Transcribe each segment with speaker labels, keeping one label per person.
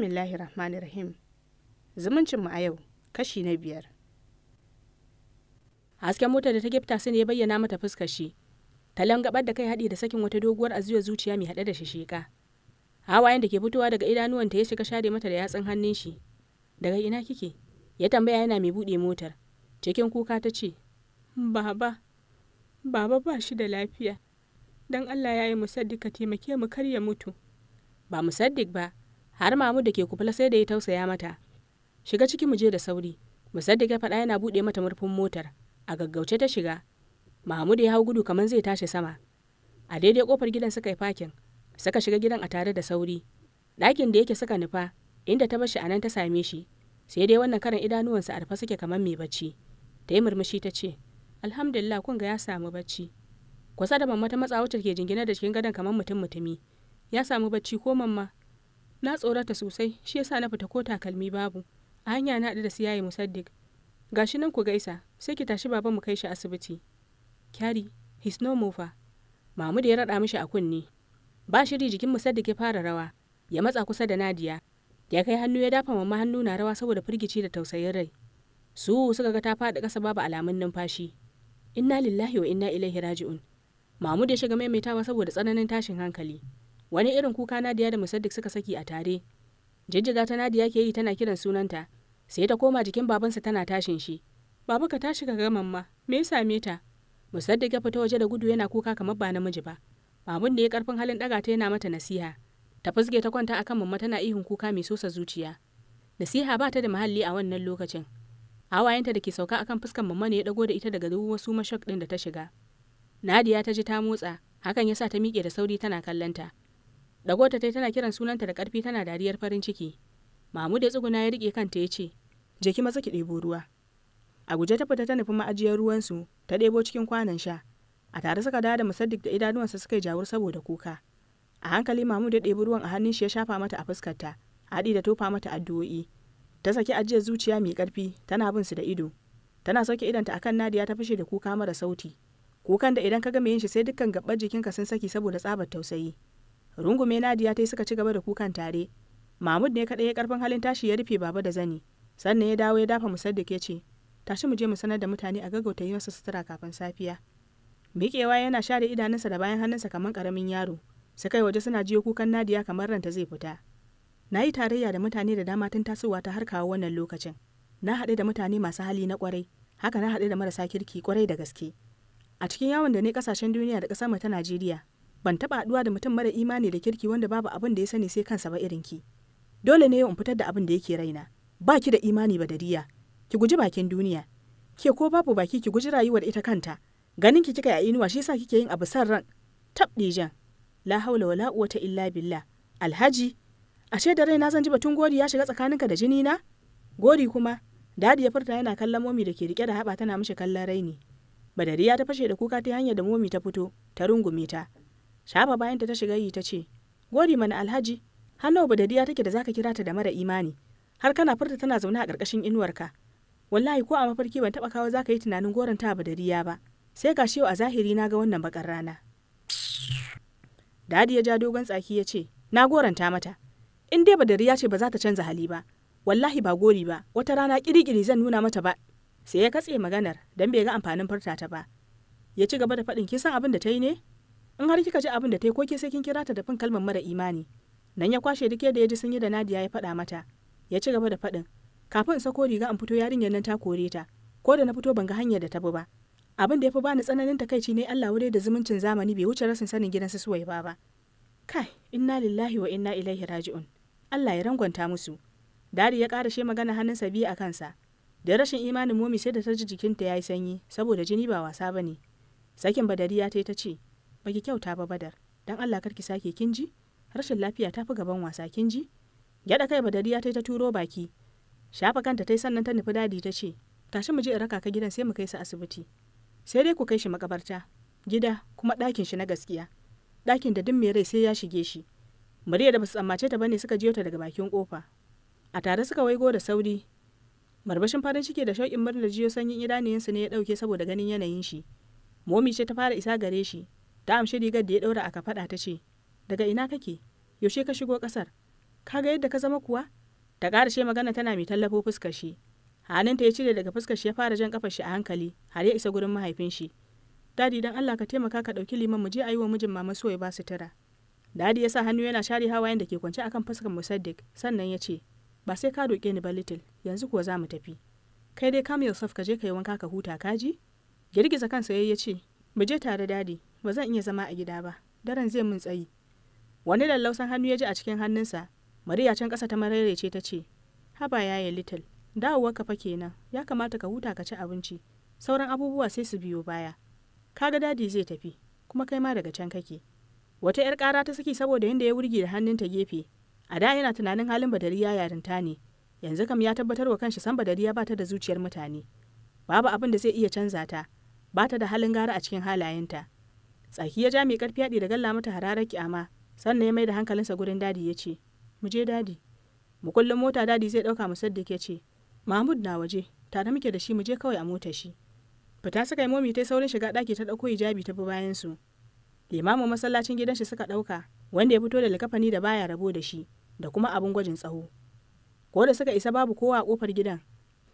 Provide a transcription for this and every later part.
Speaker 1: bismillahir rahmanir rahim zumuncinmu a yau kashi na biyar hasken motar da ta gifta sai ya bayyana mata fuskar shi talan gabar da kai haɗi da sakin wata doguwar azuwa zuciya mai haɗe da shisheka hawayen da ke fitowa daga idanuwan ta ya shiga share mata da yatsun hannun shi daga ina kike ya tambaya yana mai buɗe motar cikin kuka ta ce baba baba ba shi da lafiya dan allah ya yi musaddik ka taimake mu kar ya mutu ba musaddik ba har mamu da ke kufula sai da ya tausaya mata shiga ciki mu je da sauri musaddiq ya faɗa yana buɗe mata murfin motar a gaggauce ta shiga mahmud ya hau gudu kamar zai tashi sama a daidai kofar gidan suka yi fakin suka shiga gidan a tare da sauri ɗakin da yake suka nufa inda ta bashi anan ta same shi sai dai wannan karan idanuwansa arfa suke kamar mai bacci ta yi murmushi ta ce alhamdulillah kun ya samu bacci kusa da mamma ta matsa wacce ke jingina da cikin gadon kamar mutum mutumi ya samu bacci ko mamma na tsorata sosai shi yasa na fita ko takalmi babu a hanya na da su yayi musaddiq gashi nan ku gaisa sai ki tashi baban mu kai shi asibiti kyari his no mover mamu da ya raɗa mishi a kunne ba shiri jikin musaddik ya fara rawa ya matsa kusa da nadiya ya kai hannu ya dafa mamma hannu na rawa saboda firgici da tausayin rai su suka ga ta faɗi ƙasa babu alamun numfashi inna lillahi wa inna ilaihi raji'un mamu da ya shiga maimaitawa saboda tsananin tashin hankali wani irin kuka nadiya da musaddik suka saki a tare jijjiga ta nadiya ke yi tana kiran sunanta sai ta koma jikin babansa tana tashin shi baba ka tashi ka ga mamma me ya same ta musaddik ya fita waje da gudu yana kuka kamar ba namiji ba babun da ya karfin halin daga ta yana mata nasiha ta fusge ta kwanta akan mamma tana ihun kuka mai sosa zuciya nasiha ba ta da muhalli a wannan lokacin hawayenta da ke sauka akan fuskan mamma ne ya dago da ita daga duk wasu mashak din da ta shiga nadiya ta ji ta motsa hakan ya sa ta miƙe da sauri tana kallonta. ta Dagota tai tana kiran sunanta da ƙarfi tana dariyar farin ciki. Mahmud ya tsuguna ya rike kanta ya ce, Je ki maza ki ɗebo ruwa. A guje ta fita ta nufi ma'ajiyar ruwansu ta ɗebo cikin kwanan sha. A tare suka dawo da Musaddik da idanuwansa suka yi jawur saboda kuka. A hankali Mahmud ya ɗebi ruwan a hannun shi ya shafa mata a fuskarta, haɗi da tofa mata addu'o'i. Ta saki ajiyar zuciya mai ƙarfi tana bin su da ido. Tana sauke idanta akan Nadiya ta fashe da kuka mara sauti. Kukan da idan ka ga mai yin shi sai dukkan gaɓar jikinka sun saki saboda tsabar tausayi. rungume nadiya ta yi suka ci gaba da kukan tare mahmud ne kaɗai ya karfin halin tashi ya rufe baba da zani sannan ya dawo ya dafa musaddik ya ce tashi mu je mu sanar da mutane a gaggauta yi masa sutura kafin safiya miƙewa yana share idanunsa da bayan hannunsa kamar ƙaramin yaro su kai waje suna jiyo kukan nadiya kamar ranta zai fita na yi tarayya da mutane da dama tun tasowa ta har kawo wannan lokacin na haɗu da mutane masu hali na kwarai haka na haɗu da marasa kirki kwarai da gaske a cikin yawon da ne kasashen duniya da ƙasar mu ta najeriya ban taba haduwa da mutum mara imani da kirki wanda babu abin da ya sani sai kansa ba irin ki dole ne in fitar da abin da yake raina ba ki da imani ba dariya ki guji bakin duniya ke ko babu baki ki guji rayuwar ita kanta ganin ki kika yi inuwa shi yasa kike yin abu san ran tab dijan la haula wala quwwata illa billah alhaji ashe da raina zan ji batun gori ya shiga tsakaninka da jini na gori kuma dadi ya furta yana kallon momi da ke rike da haba tana mishi kallon raini badariya ta fashe da kuka ta hanyar da momi ta fito ta rungume ta shafa bayan ta shiga yi ta ce gori mana alhaji hannu dadiya take da zaka kira ta da mara imani har kana furta tana zaune a ƙarƙashin inuwarka wallahi ko a mafarki ban taɓa kawo zaka yi tunanin goron ta dadiya ba sai ga yau a zahiri na ga wannan bakar rana dadi ya ja dogon tsaki ya ce na goranta mata in dai badariya ce ba za ta canza hali ba wallahi ba gori ba wata rana kirikiri zan nuna mata ba sai ya katse maganar don bai ga amfanin furta ta ba ya ci gaba da faɗin kisan abin da ta yi ne in har kika ji abin da ta yi ko ke sai kin kira ta da fin kalmar mara imani nan ya kwashe duk yadda ya ji sun yi da Nadiya ya faɗa mata ya ci gaba da faɗin kafin in sako riga in fito yarinyar nan ta kore ta ko da na fito ban ga hanyar da ta bi ba abin da ya fi bani tsananin takaici ne Allah wadai da zumuncin zamani bai wuce rasin sanin gidan suwai ba ba kai inna lillahi wa inna ilaihi raji'un Allah ya rangwanta musu Dari ya ƙara shi magana hannunsa biyu a kansa da rashin imanin momi sai da ta ji jikinta ya yi sanyi saboda jini ba wasa ba ne sakin badariya ta yi ta ce baki kyauta ba badar dan Allah kar ki sake kin ji rashin lafiya ta fi gaban wasa kin ji gyada kai badariya ta ta turo baki shafa kanta tai sannan ta nufi dadi ta ce tashi mu je in raka ka gidan sai mu kai su asibiti sai dai ku kai shi makabarta gida kuma ɗakin shi na gaskiya ɗakin da din mai rai sai ya shige shi murya da ba su tsammace ta bane suka jiyo ta daga bakin kofa a tare suka waigo da sauri marbashin farin ciki da shauƙin murnar jiyo sanyin idaniyinsu ne ya ɗauke saboda ganin yanayin shi momi ce ta fara isa gare shi ta amshi rigar da ya ɗaura a kafaɗa ta ce daga ina kake yaushe ka shigo kasar. ka ga yadda ka zama kuwa ta karashe magana tana mai tallafo fuskar shi ta ya cire daga fuskar shi ya fara jan kafar shi a hankali har ya isa gurin mahaifin shi dadi dan Allah ka taimaka ka ɗauki liman mu je a yi wa mijin mama so ya ba su tara dadi ya sa hannu yana share hawayen da ke kwance akan fuskar musaddik sannan ya ce ba sai ka doke ni ba little yanzu kuwa za mu tafi kai dai kam yourself ka je ka yi wanka ka huta kaji girgiza kansa yayi ya ce mu je tare dadi ba zan iya zama a gida ba daren zai mun tsayi wani lallausan hannu ya ji a cikin hannunsa mariya can ƙasa ta mararece ta ce haba ya yaya little dawowarka fa kenan ya kamata ka huta ka ci abinci sauran abubuwa sai su biyo baya kaga dadi zai tafi kuma kai ma daga can kake wata 'yar ƙara ta saki saboda yadda ya wurge da hannunta gefe a da yana tunanin halin badariya yarinta ne yanzu kam ya tabbatar wa kanshi san badariya ba ta da zuciyar mutane babu abin da zai iya canza ta ba ta da halin gara a cikin halayenta tsaki ya ja mai karfi yaɗi da galla mata hararar kyama sannan ya mai da hankalinsa gurin dadi ya ce mu je dadi mu kullum mota dadi zai ɗauka mu saddik ya ce mahmud na waje tare muke da shi mu je kawai a motar shi fita suka yi momi ta saurin shiga ɗaki ta ɗauko hijabi ta bi bayan su limamin masallacin gidan shi suka ɗauka wanda ya fito da likafani da baya rabo da shi da kuma abin gwajin tsaho ko da suka isa babu kowa a kofar gidan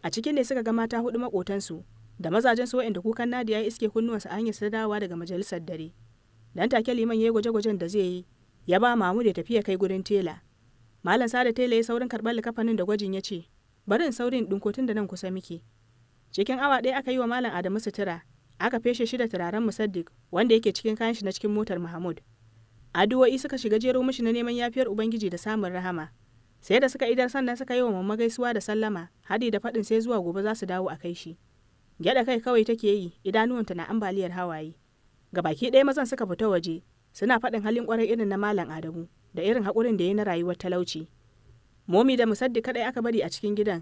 Speaker 1: a cikin ne suka ga mata hudu makotansu da mazajen su da kukan nadiya ya iske kunnuwansa an yi sadawa daga majalisar dare dan take liman yayi gwaje-gwajen da zai yi ya ba mamu da tafiya kai gurin tela malam sada tela ya saurin karɓar likafanin da gwajin ya ce bari in saurin kotun da nan kusa miki cikin awa ɗaya aka yi wa malam adamu sutura aka feshe shi da turaren musaddiq wanda yake cikin kayan shi na cikin motar mahmud addu'o'i suka shiga jero mishi na neman yafiyar ubangiji da samun rahama sai da suka idar sannan suka yi wa mamma gaisuwa da sallama hadi da faɗin sai zuwa gobe za su dawo a kai shi gyaɗa kai kawai take yi idanuwanta na ambaliyar hawaye ga baki ɗaya mazan suka fita waje suna faɗin halin ƙwarar irin na malam adamu da irin haƙurin da ya na rayuwar talauci momi da musaddi kaɗai aka bari a cikin gidan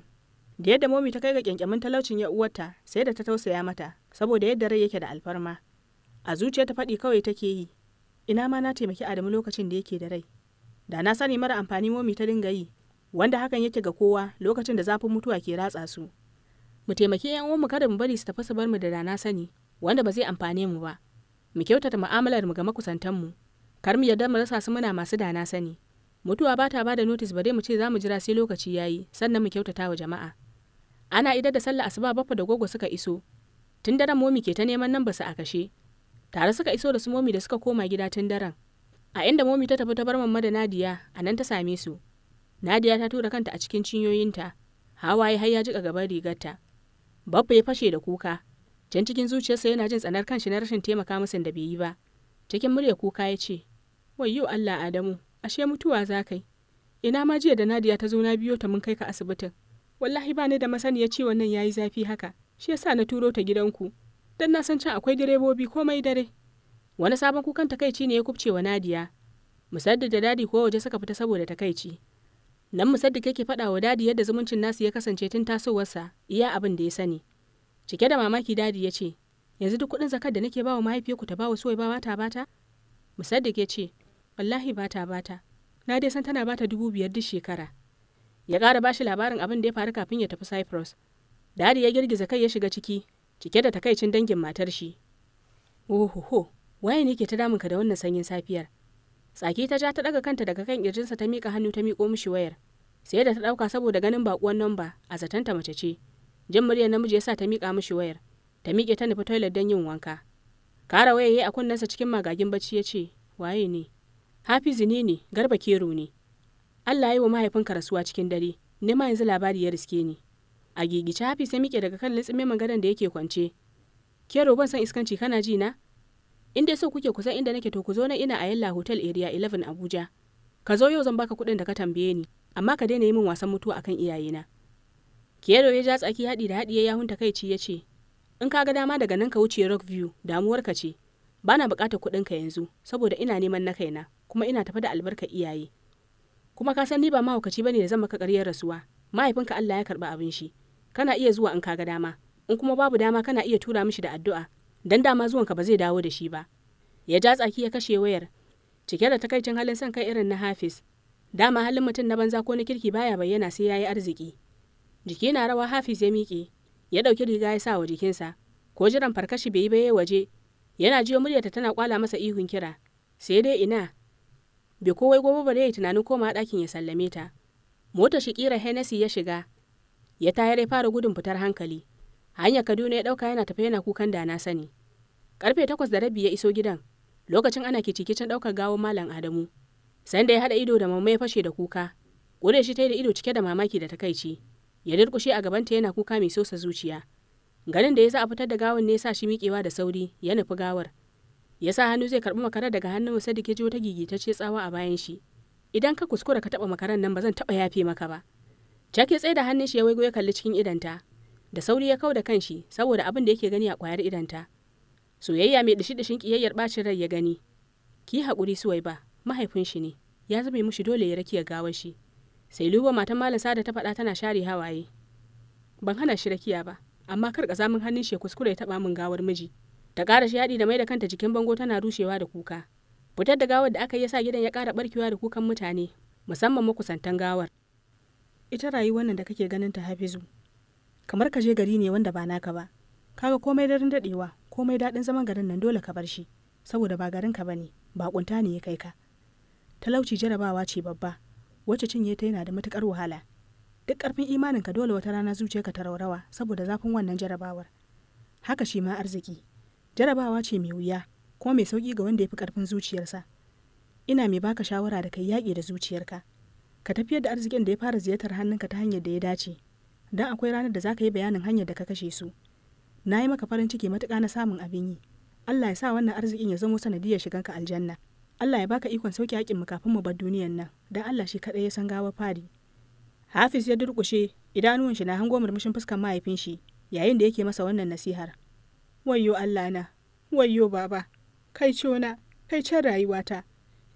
Speaker 1: da yadda momi ta kai ga ƙyanƙyamin talaucin ya uwarta sai da ta tausaya mata saboda yadda rai yake da alfarma a zuciya faɗi kawai take yi ina ma na taimaki adamu lokacin da yake da rai da na sani mara amfani momi ta dinga yi wanda hakan yake ga kowa lokacin da zafin mutuwa ke ratsa su mu taimaki yan uwanmu kada mu bari su tafi su bar mu da rana sani wanda ba zai amfane mu ba mu kyautata mu'amalar mu ga makusantan mu kar mu yarda mu rasa su muna masu dana sani mutuwa ba ta bada notis ba dai mu ce za mu jira sai lokaci yayi sannan mu kyautata wa jama'a ana idar da sallah asuba Bafa da gogo suka iso tun daren momi ke ta neman nan ba su a kashe tare suka iso da su momi da suka koma gida tun daren a inda momi ta tafi ta bar mamma da nadiya a nan ta same su nadiya ta tura kanta a cikin cinyoyinta hawaye har ya jika gaban rigarta Babba ya fashe da kuka. Can cikin zuciyarsa yana jin tsanar kanshi na rashin taimaka masa da bai yi ba. Cikin murya kuka ya ce, Wayyo Allah Adamu, ashe mutuwa za kai. Ina ma jiya da Nadiya ta zo na biyo ta mun kai ka asibitin. Wallahi ba ni da masaniya ciwon nan yi zafi haka. Shi yasa na turo ta gidanku. Dan na san can akwai direbobi komai dare. Wani sabon kukan takaici ne ya kubce wa Nadiya. Musaddad da dadi ko waje suka fita saboda takaici. nan da kake faɗa wa dadi yadda zumuncin nasu ya kasance tun tasowarsa iya abin da ya sani cike da mamaki dadi ya ce yanzu duk kuɗin zakar da nake bawa mahaifiyarku ta bawa suwai ba bata Musar da ya ce wallahi bata bata na dai san tana bata dubu biyar duk shekara ya ƙara bashi labarin abin da ya faru kafin ya tafi cyprus dadi ya girgiza kai ya shiga ciki cike da takaicin dangin matar shi ohoho waye ne ke ta damunka da wannan sanyin safiyar tsaki ta ja ta ɗaga kanta daga kan ƙirjinsa ta miƙa hannu ta miƙo mishi wayar sai da ta dauka saboda ganin bakuwan namba a zaton ta mace ce jin muryar namiji ya sa ta mika mishi wayar ta mike ta nufi toilet don yin wanka kara waya ya a kunnensa cikin magagin bacci ya ce waye ne hafizu ne ne garba kero ne allah ya yi wa mahaifinka rasuwa cikin dare ne ma yanzu labari ya riske ni a gigice hafi sai mike daga kan litsime magadan da yake kwance kero ban san iskanci kana ji na in dai so kuke kusa inda nake to ku zo na ina a yalla hotel area 11 abuja ka zo yau zan baka kuɗin da ka tambaye ni amma ka daina yi min wasan mutuwa akan iyayena kiyero ya ja tsaki haɗi da haɗiye yahun takaici ya ce in ka ga dama daga nan ka wuce rockview damuwarka ce bana buƙatar kuɗin ka yanzu saboda ina neman na kaina kuma ina tafi da albarka iyaye kuma ka san ni ba mahaukaci ba ne da zan maka ƙaryar rasuwa mahaifinka Allah ya karɓi abin shi kana iya zuwa in ka ga dama in kuma babu dama kana iya tura mishi da addu'a dan dama zuwanka ba zai dawo da shi ba ya ja tsaki ya kashe wayar cike da takaicin halin son kai irin na Hafiz dama halin mutum na banza ko na kirki baya bayyana sai yayi arziki jiki na rawa hafiz ya miƙe ya ɗauki riga ya sa wa jikinsa ko jiran farkashi bai yi ba waje yana jiyo muryarta tana kwala masa ihun kira sai dai ina bai kowai gobe ba yi tunanin koma ɗakin ya sallame ta motar shi kira hennessy ya shiga ya tayar ya fara gudun fitar hankali hanya kaduna ya ɗauka yana tafe yana kukan da na sani karfe takwas da rabi ya iso gidan lokacin ana kicikicin ɗaukar gawon malam adamu sanda ya haɗa ido da mamma ya fashe da kuka ƙure shi ta yi da ido cike da mamaki da takaici ya durƙushe a gabanta yana kuka mai sosa zuciya ganin da ya sa a fitar da gawan ne ya sa shi miƙewa da sauri ya nufi gawar ya sa hannu zai karɓi makarar daga hannun wasa da ke ta gigitacce tsawa a bayan shi idan ka kuskura ka taɓa makarar nan ba zan taɓa yafe maka ba Jack ya tsaye da hannun shi ya waigo ya kalli cikin idanta da sauri ya kau da kanshi saboda abin da yake gani a ƙwayar idanta soyayya mai dishi-dishin ƙiyayyar ɓacin rai ya gani ki haƙuri suwai ba mahaifin shi ne ya zube mushi dole ya rakiya gawar shi sai luba matan malam sada ta faɗa tana share hawaye ban hana shi rakiya ba amma kar ka min hannun shi ya kuskure ya taɓa min gawar miji ta ƙara shi yaɗi da mai da kanta jikin bango tana rushewa da kuka fitar da gawar da aka yi sa gidan ya ƙara barkewa da kukan mutane musamman makusantan gawar ita rayuwar nan da kake ganin ta hafizu kamar ka je gari ne wanda ba naka ba kaga komai daren daɗewa komai daɗin zaman garin nan dole ka bar shi saboda ba garin ka bane ba ne ne ya kai ka talauci jarabawa ce babba wacce cinye ta yana da matukar wahala duk ƙarfin imaninka dole wata rana zuciyarka ta raurawa saboda zafin wannan jarabawar haka shi ma arziki jarabawa ce mai wuya kuma mai sauƙi ga wanda ya fi ƙarfin zuciyarsa ina mai baka shawara da kai yaƙi da zuciyarka ka tafiyar da arzikin da ya fara ziyartar hannunka ta hanyar da ya dace don akwai ranar da za ka yi bayanin hanyar da ka kashe su na yi maka farin ciki matuƙa na samun abin yi allah ya sa wannan arzikin ya zamo sanadiyar shiganka aljanna Allah ya baka ikon sauke haƙin mu kafin mu bar duniyar nan dan Allah shi kaɗai ya san gawar fari Hafiz ya durƙushe idanuwan shi na hango murmushin fuskar mahaifin shi yayin da yake masa wannan nasihar wayyo Allah na wayyo baba kai cona kai can rayuwata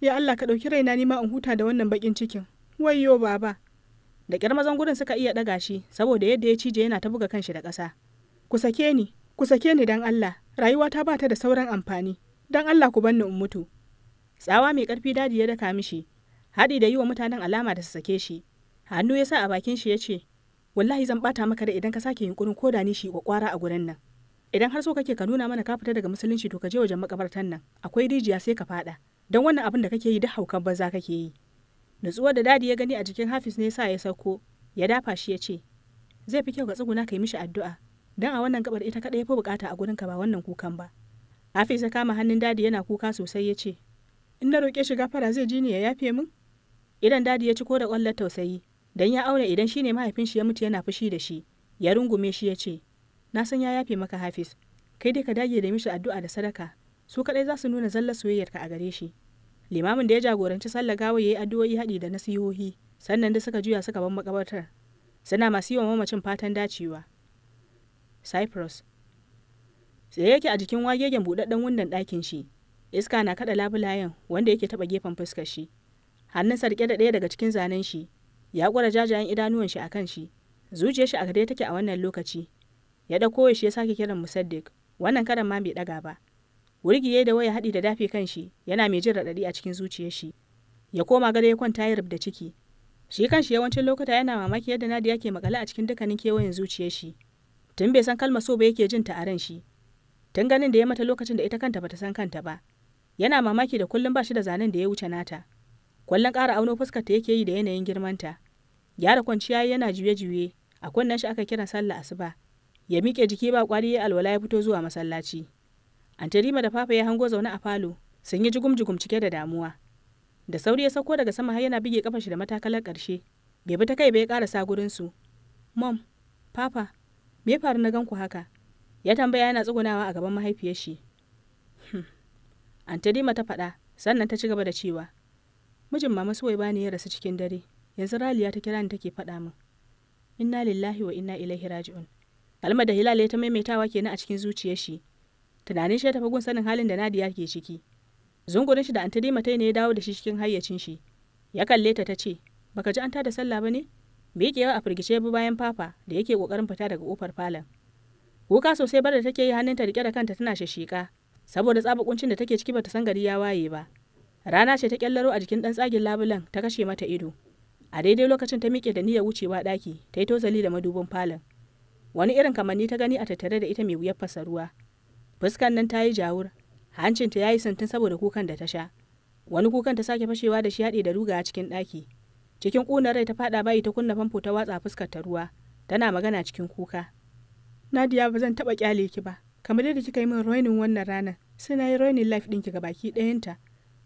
Speaker 1: ya Allah ka ɗauki raina nima in huta da wannan bakin cikin wayyo baba da ƙyar mazan gurin suka iya ɗaga shi saboda yadda ya cije yana ta buga kanshi da ƙasa ku sake ni ku sake ni dan Allah rayuwata ba ta da sauran amfani dan Allah ku ni in mutu tsawa mai ƙarfi daji ya daka mishi haɗi da yi wa mutanen alama da su sake shi hannu ya sa a bakin shi ya ce wallahi zan ɓata maka da idan ka sake yunkurin ko da ni shi kwakwara a gurin nan idan har so kake ka nuna mana ka fita daga musulunci to ka je wajen makabartan nan akwai rijiya sai ka faɗa don wannan abin da kake yi duk haukan banza kake yi nutsuwar da dadi ya gani a jikin hafiz ne sa ya sauko ya dafa shi ya ce zai fi kyau ka tsuguna ka yi mishi addu'a don a wannan gabar ita kaɗai fi bukata a gurinka ba wannan kukan ba hafiz ya kama hannun dadi yana kuka sosai ya ce in na roƙe shi gafara zai ji ni ya yafe min idan dadi ya ci ko da ƙwallon tausayi dan ya aure idan shine mahaifin shi ya mutu yana fushi da shi ya rungume shi ya ce na san ya yafe maka hafiz kai dai ka dage da mishi addu'a da sadaka su kadai za su nuna zallar ka a gare shi limamin da ya jagoranci sallar gawa yayi addu'o'i haɗi da nasihohi sannan da suka juya suka bar makabartar suna masu yiwa mamacin fatan dacewa cyprus tsaye yake a jikin wagegen buɗaɗɗen wundan ɗakin shi iska na kada labulayen wanda yake taba gefen fuskar shi hannunsa rike da ɗaya daga cikin zanen shi ya kura jajayen idanuwan shi akan shi zuciyar shi a gare take a wannan lokaci ya dauko shi ya sake kiran musaddiq wannan karan ma bai daga ba wurgiye da waya haɗi da dafi kan shi yana mai jin raɗaɗi a cikin zuciyar shi ya koma gado ya kwanta ya rubda ciki shi kan shi yawancin lokuta yana mamaki yadda nadi ke makale a cikin dukkanin kewayen zuciyar shi tun bai san kalmar so ba yake jin ta a ran shi tun ganin da ya mata lokacin da ita kanta bata san kanta ba yana mamaki da kullum ba shi da zanen da ya wuce nata kwallon ƙara auno fuskar ta yake yi da yanayin girmanta gyara kwanciya yana juye-juye a kunnen shi aka kiran sallah asuba ya miƙe jiki ba ƙwari ya alwala ya fito zuwa masallaci antarima da fafa ya hango zaune a falo sun yi jugum-jugum cike da damuwa da sauri ya sauko daga sama har yana bige kafar shi da matakalar ƙarshe bai bi ta kai bai ƙarasa gurin su mom papa me faru na ganku haka ya tambaya yana tsugunawa a gaban mahaifiyar shi Antadima ta faɗa sannan ta ci gaba da cewa mijin mama ba ne ya rasu cikin dare yanzu Raliya ta kira ni take faɗa min inna lillahi wa inna ilaihi raji'un kalmar da Hilal ta maimaitawa kenan a cikin zuciyar shi tunanin shi ya tafi gun sanin halin da Nadiya ke ciki zungurin shi da Antadima ta ne ya dawo da shi cikin hayyacin shi ya kalle ta ta ce baka ji an da sallah ba ne yawa a firgice bi bayan papa da yake ƙoƙarin fita daga ƙofar falon kuka sosai bar da take yi hannunta rike da kanta tana shashika saboda tsaba kuncin da take ciki bata san gari ya waye ba rana ce ta kyallaro a jikin dan tsagin labulan ta kashe mata ido a daidai lokacin ta miƙe da niyyar wucewa ɗaki ta yi tozali da madubin falon wani irin kamanni ta gani a tattare da ita mai wuyar fasa ruwa fuskan nan ta yi jawur hancinta ya yi santin saboda kukan da ta sha wani kukan ta sake fashewa da shi haɗe da ruga a cikin ɗaki cikin ƙunar rai ta faɗa bayi ta kunna famfo ta watsa fuskar ta ruwa tana magana cikin kuka nadiya ba zan taɓa ƙyale ki ba kamar yadda kika yi min roinin wannan ranar sai na yi roinin life ɗinki ga baki ɗayanta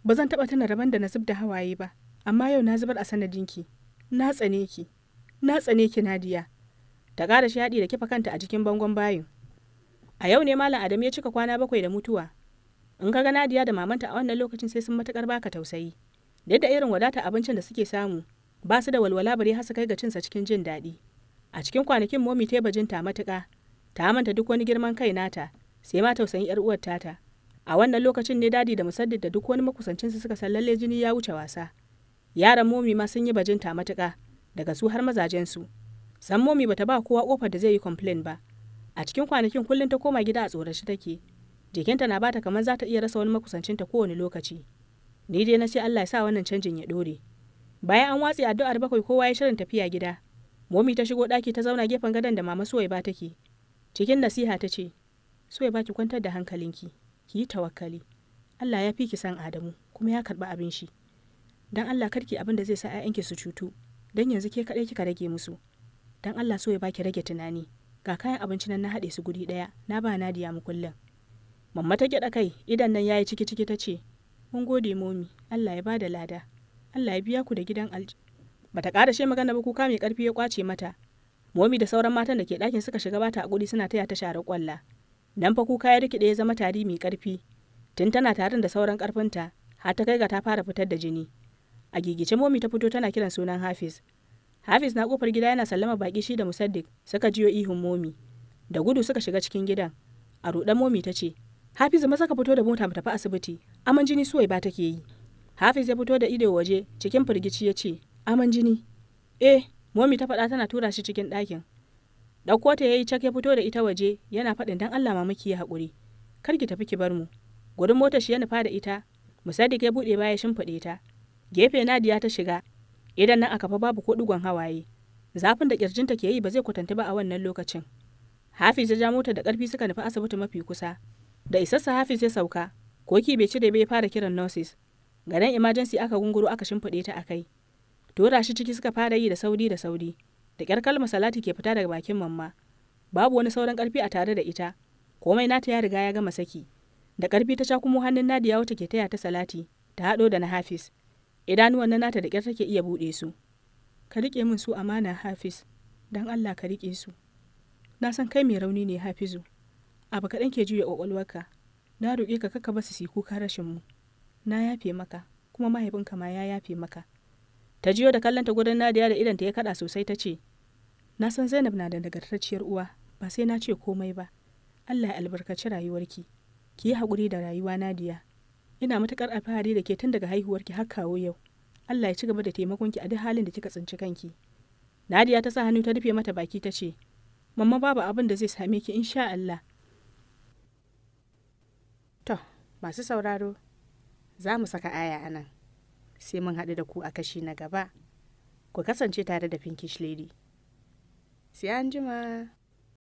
Speaker 1: ba zan taɓa tana rabon da na zub da hawaye ba amma yau na zubar a sanadinki na tsane ki na tsane ki nadiya ta ƙara shaɗi da kifa kanta a cikin bangon bayin a yau ne malam adam ya cika kwana bakwai da mutuwa in ka ga nadiya da mamanta a wannan lokacin sai sun matuƙar baka tausayi da yadda irin wadata abincin da suke samu ba su da walwala bare har su kai ga cinsa cikin jin daɗi a cikin kwanakin momi ta bajinta matuƙa ta manta duk wani girman kai nata sai ma tausayin yar uwar tata a wannan lokacin ne dadi da musaddid da duk wani makusancinsu suka sallalle jini ya wuce wasa yaran momi ma sun yi bajinta matuka, daga su har mazajen su. san momi bata ba kowa kofar da zai yi complain ba a cikin kwanakin kullum ta koma gida a shi take jikinta na bata kamar za ta iya rasa wani makusancinta kowane lokaci ni dai na ce Allah ya sa wannan canjin ya dore bayan an watsi addu'ar bakwai kowa ya shirin tafiya gida momi ta shigo daki ta zauna gefen gadon da mama suwai ba take cikin nasiha ta ce so ya baki kwantar da hankalinki ki yi tawakkali Allah ya fi ki san Adamu kuma ya karɓi abin shi dan Allah karki abin da zai sa ki su cutu dan yanzu ke kadai kika rage musu dan Allah so ya baki rage tunani ga kayan abinci nan na haɗe su guri ɗaya na ba Nadiya mu kullum mamma ta gyaɗa kai idan nan yayi ciki ciki ta ce mun gode momi Allah ya bada lada Allah ya biya ku da gidan alji bata ƙara shi magana ba kuka mai ƙarfi ya kwace mata momi da sauran matan da ke ɗakin suka shiga bata a guri suna taya ta share kwalla nan fa kuka ya rikide ya zama tari mai ƙarfi tun tana tarin da sauran ƙarfinta har ta kai ga ta fara fitar da jini a gigice momi ta fito tana kiran sunan hafiz hafiz na kofar gida yana sallama baki shi da musaddik suka jiyo ihun momi da gudu suka shiga cikin gidan a ruɗan momi ta ce hafiz maza ka fito da mota mu tafi asibiti aman jini suwai ba take yi hafiz ya fito da ido waje cikin firgici ya ce aman jini eh momi ta faɗa tana tura shi cikin ɗakin ɗauko ta ya yi cak ya fito da ita waje yana faɗin dan allah mamaki ya haƙuri kar ki tafi ki bar mu gurin motar shi ya nufa da ita musaddik ya buɗe baya shimfiɗe ta gefe nadiya ta shiga idan nan aka fa babu ko ɗigon hawaye zafin da ƙirjinta ke yi ba zai kwatanta ba a wannan lokacin hafiz ya ja mota da ƙarfi suka nufi asibiti mafi kusa da isassa hafiz ya sauka koki bai cire bai fara kiran nurses garin emergency aka gunguru aka shimfiɗe ta a kai tura shi ciki suka fara yi da sauri da sauri da ƙyar kalmar salati ke fita daga bakin mamma babu wani sauran karfi a tare da ita komai nata ya riga ya gama saki da karfi ta cakumo hannun nadiya wata ke taya ta salati ta haɗo da na hafiz idanuwan na nata da ƙyar take iya buɗe su ka riƙe min su amana hafiz don allah ka riƙe su na san kai mai rauni ne hafizu abu kaɗan ke juya ƙwaƙwalwarka na roƙe ka kakka basu su kuka rashin mu na yafe maka kuma mahaifinka ma ya yafe maka ta jiyo da kallon ta gudun nadiya da ta ya kada sosai ta ce na san zainab na da nagartacciyar uwa ba sai na ce komai ba allah ya albarkaci rayuwarki ki yi haƙuri da rayuwa nadiya ina matuƙar alfahari da ke tun daga haihuwarki har kawo yau allah ya ci gaba da taimakonki a duk halin da kika tsinci kanki nadiya ta sa hannu ta rufe mata baki ta ce mamma babu abin da zai same ki insha allah to masu sauraro za mu saka aya a nan sai mun haɗu da ku a kashi na gaba ku kasance tare da pinkish lady sai an jima